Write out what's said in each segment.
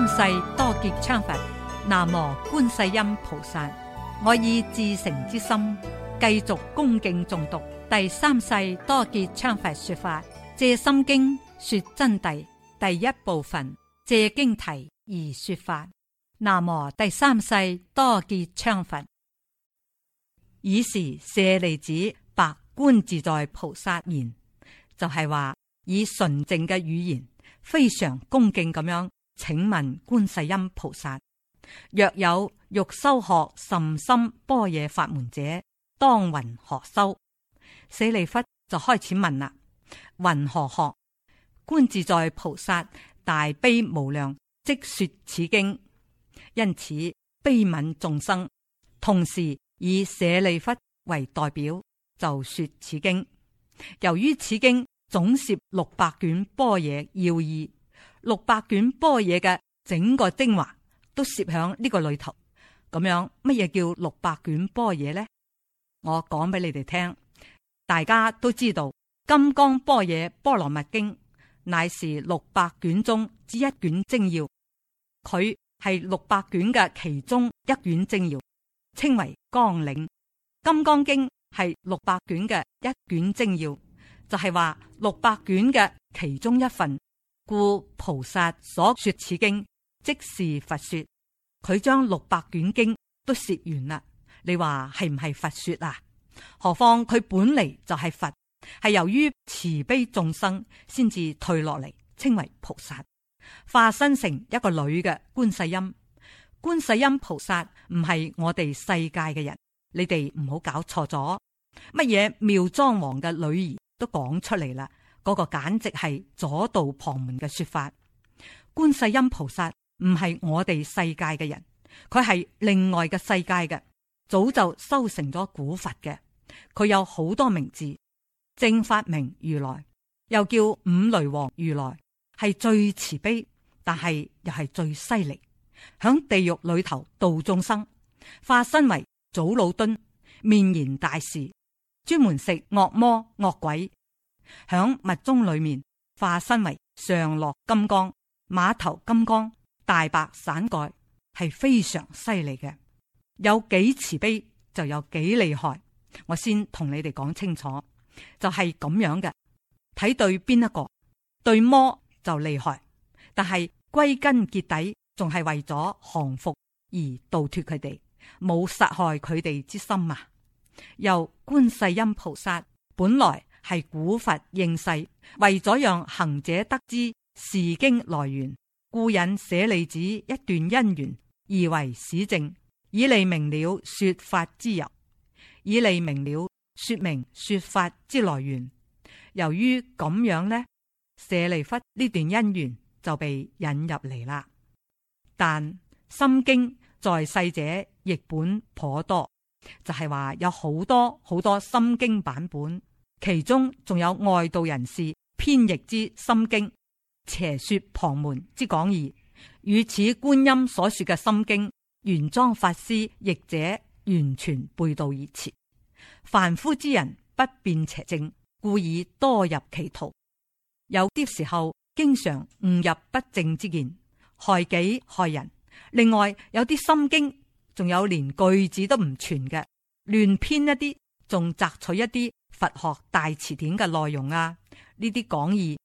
三世多杰羌佛，南無觀世音菩薩。我以至誠之心，繼續恭敬重讀第三世多杰羌佛說法《借心經》說真諦第一部分《借經題》而說法。南無第三世多杰羌佛。以時舍利子白觀自在菩薩言，就係、是、話，以純正嘅語言，非常恭敬咁樣。請問觀世音菩薩，若有欲修學甚深般若法門者，當云何修？舍利弗就開始問啦。云何學？觀自在菩薩大悲無量，即說此經。因此悲憫眾生，同時以舍利弗為代表，就說此經。由於此經總攝六百卷般若要義。六百卷般若嘅整個精華都攝響呢個裏頭，咁樣乜嘢叫六百卷般若呢？我講俾你哋聽，大家都知道《金剛般若波羅蜜經》乃是六百卷中之一卷精要，佢係六百卷嘅其中一卷精要，稱為綱領。《金剛經》係六百卷嘅一卷精要，就係、是、話六百卷嘅其中一份。故菩薩所說此經，即是佛說。佢將六百卷經都說完啦。你話係唔係佛說啊？何況佢本嚟就係佛，係由於慈悲眾生先至退落嚟，稱為菩薩，化身成一個女嘅觀世音。觀世音菩薩唔係我哋世界嘅人，你哋唔好搞錯咗。乜嘢妙莊王嘅女兒都講出嚟啦。嗰個簡直係左道旁門嘅說法。觀世音菩薩唔係我哋世界嘅人，佢係另外嘅世界嘅，早就修成咗古佛嘅。佢有好多名字，正法明如來，又叫五雷王如來，係最慈悲，但係又係最犀利。響地獄裏頭度眾生，化身為祖魯敦面燃大士，專門食惡魔惡鬼。響密宗裏面化身為上樂金剛、馬頭金剛、大白傘蓋，係非常犀利嘅。有幾慈悲就有幾厲害，我先同你哋講清楚，就係、是、咁樣嘅。睇對邊一個對魔就厲害，但係歸根結底仲係為咗降服而度脫佢哋，冇殺害佢哋之心啊！由觀世音菩薩本來。係古佛應世，為咗讓行者得知《時經》來源，故引舍利子一段因緣而為史證，以利明了說法之由，以利明了說明說法之來源。由於咁樣呢，舍利弗呢段因緣就被引入嚟啦。但《心經》在世者譯本頗多，就係、是、話有好多好多《很多心經》版本。其中仲有外道人士編譯之《心經》、邪說旁門之講義，與此觀音所說嘅《心經》原裝法師譯者完全背道而馳。凡夫之人不辨邪正，故而多入歧途。有啲時候經常誤入不正之見害己害人。另外有啲心經仲有連句子都唔全嘅，亂編一啲，仲摘取一啲。佛學大詞典嘅內容啊，呢啲講義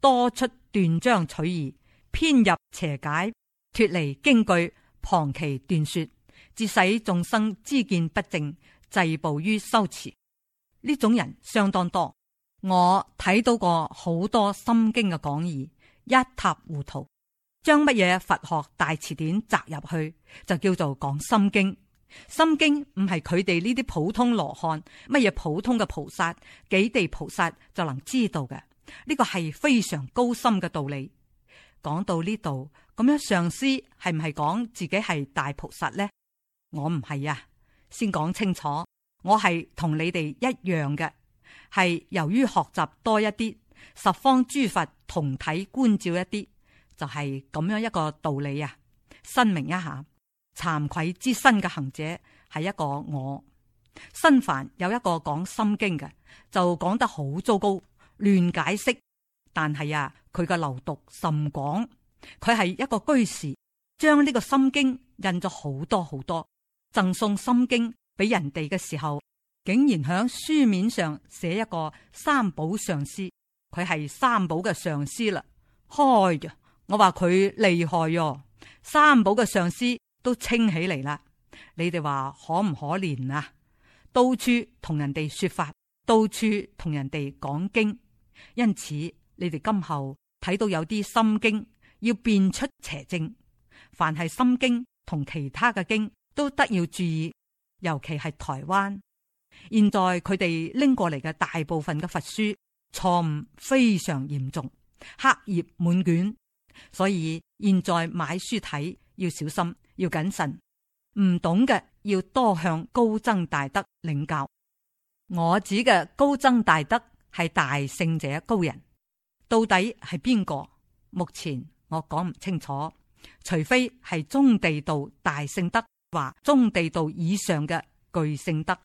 多出斷章取義，偏入邪解，脫離經句，旁其斷說，致使眾生知見不正，滯步於修持。呢種人相當多，我睇到過好多心經嘅講義，一塌糊塗，將乜嘢佛學大詞典摘入去，就叫做講心經。心經唔係佢哋呢啲普通羅漢，乜嘢普通嘅菩薩、幾地菩薩就能知道嘅，呢個係非常高深嘅道理。講到呢度，咁樣上師係唔係講自己係大菩薩呢？我唔係啊，先講清楚，我係同你哋一樣嘅，係由於學習多一啲，十方諸佛同體觀照一啲，就係咁樣一個道理啊！申明一下。慚愧之身嘅行者係一個我。新凡有一個講心經嘅，就講得好糟糕，亂解釋。但係啊，佢嘅流毒甚廣。佢係一個居士，將呢個心經印咗好多好多，贈送心經俾人哋嘅時候，竟然響書面上寫一個三寶上師，佢係三寶嘅上師啦。開嘅，我話佢厲害喲、哦，三寶嘅上師。都清起嚟啦！你哋話可唔可憐啊？到處同人哋說法，到處同人哋講經，因此你哋今後睇到有啲心經要辨出邪正，凡係心經同其他嘅經都得要注意，尤其係台灣。現在佢哋拎過嚟嘅大部分嘅佛書錯誤非常嚴重，黑頁滿卷，所以現在買書睇要小心。要謹慎，唔懂嘅要多向高僧大德領教。我指嘅高僧大德係大聖者高人，到底係邊個？目前我講唔清楚，除非係中地道大聖德或中地道以上嘅巨聖德。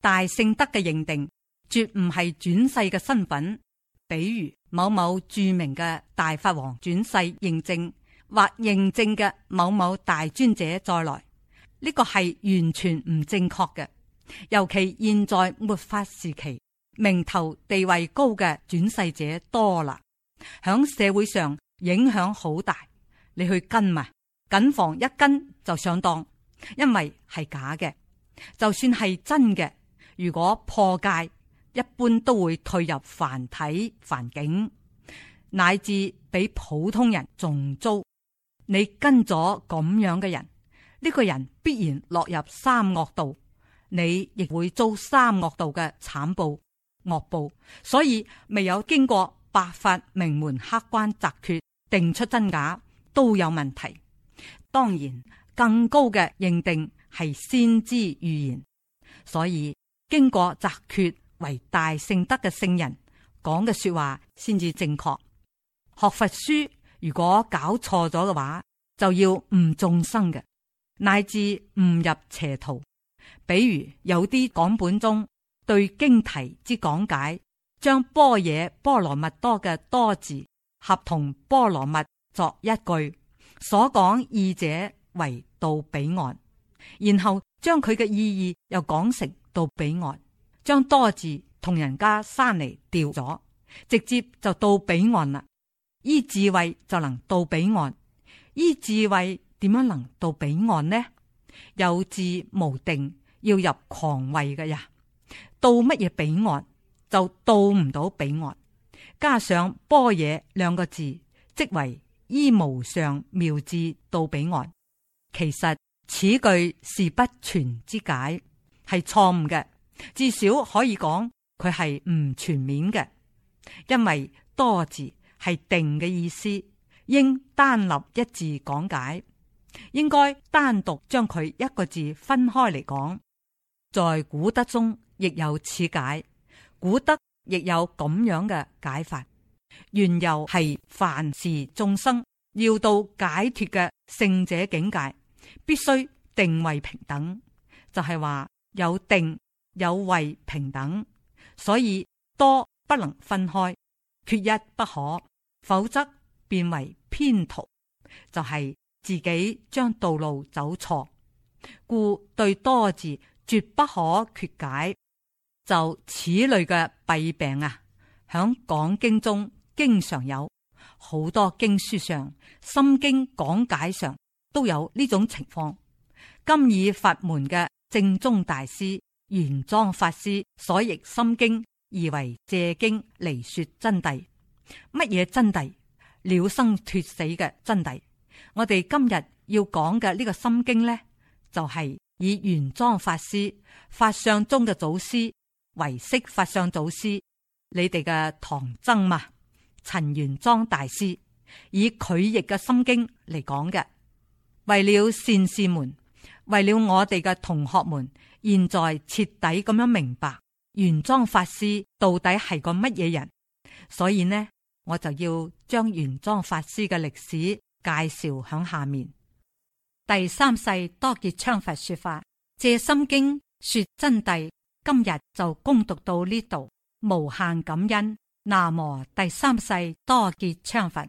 大聖德嘅認定，絕唔係轉世嘅身份，比如某某著名嘅大法王轉世認證。或認證嘅某某大專者再來呢個係完全唔正確嘅，尤其現在末法時期，名頭地位高嘅轉世者多啦，響社會上影響好大。你去跟嘛，謹防一跟就上當，因為係假嘅。就算係真嘅，如果破戒，一般都會退入凡體凡境，乃至比普通人仲糟。你跟咗咁樣嘅人，呢、這個人必然落入三惡道，你亦會遭三惡道嘅慘報惡報。所以未有經過八法名門黑關，擇決定出真假，都有問題。當然更高嘅認定係先知預言。所以經過擇決為大聖德嘅聖人講嘅說話先至正確。學佛書。如果搞錯咗嘅話，就要誤眾生嘅，乃至誤入邪途。比如有啲講本中對經題之講解，將般若波羅蜜多嘅多字合同波羅蜜作一句，所講意者為到彼岸，然後將佢嘅意義又講成到彼岸，將多字同人家刪嚟掉咗，直接就到彼岸啦。依智慧就能到彼岸，依智慧點樣能到彼岸呢？有智無定，要入狂慧嘅呀。到乜嘢彼岸就到唔到彼岸，加上般若兩個字，即為依無上妙智到彼岸。其實此句是不全之解，係錯誤嘅，至少可以講佢係唔全面嘅，因為多字。係定嘅意思，應單立一字講解，應該單獨將佢一個字分開嚟講。在古德中亦有此解，古德亦有咁樣嘅解法。原由係凡是眾生要到解脫嘅聖者境界，必須定位平等，就係、是、話有定有位平等，所以多不能分開，缺一不可。否則變為偏途，就係、是、自己將道路走錯，故對多字絕不可缺解。就此類嘅弊病啊，響講經中經常有，好多經書上、心經講解上都有呢種情況。今以法門嘅正宗大師玄奘法師所譯心經，而為借經嚟說真諦。乜嘢真諦？了生脱死嘅真諦？我哋今日要講嘅呢個心經呢，就係、是、以玄奘的法師法相宗嘅祖師唯識法相祖師，你哋嘅唐僧嘛，陳玄奘大師以佢譯嘅心經嚟講嘅，為了善士們，為了我哋嘅同學們，現在徹底咁樣明白玄奘法師到底係個乜嘢人，所以呢？我就要將原裝法師嘅歷史介紹響下面。第三世多杰羌佛說法《借心經》說真諦，今日就恭讀到呢度，無限感恩。南無第三世多杰羌佛。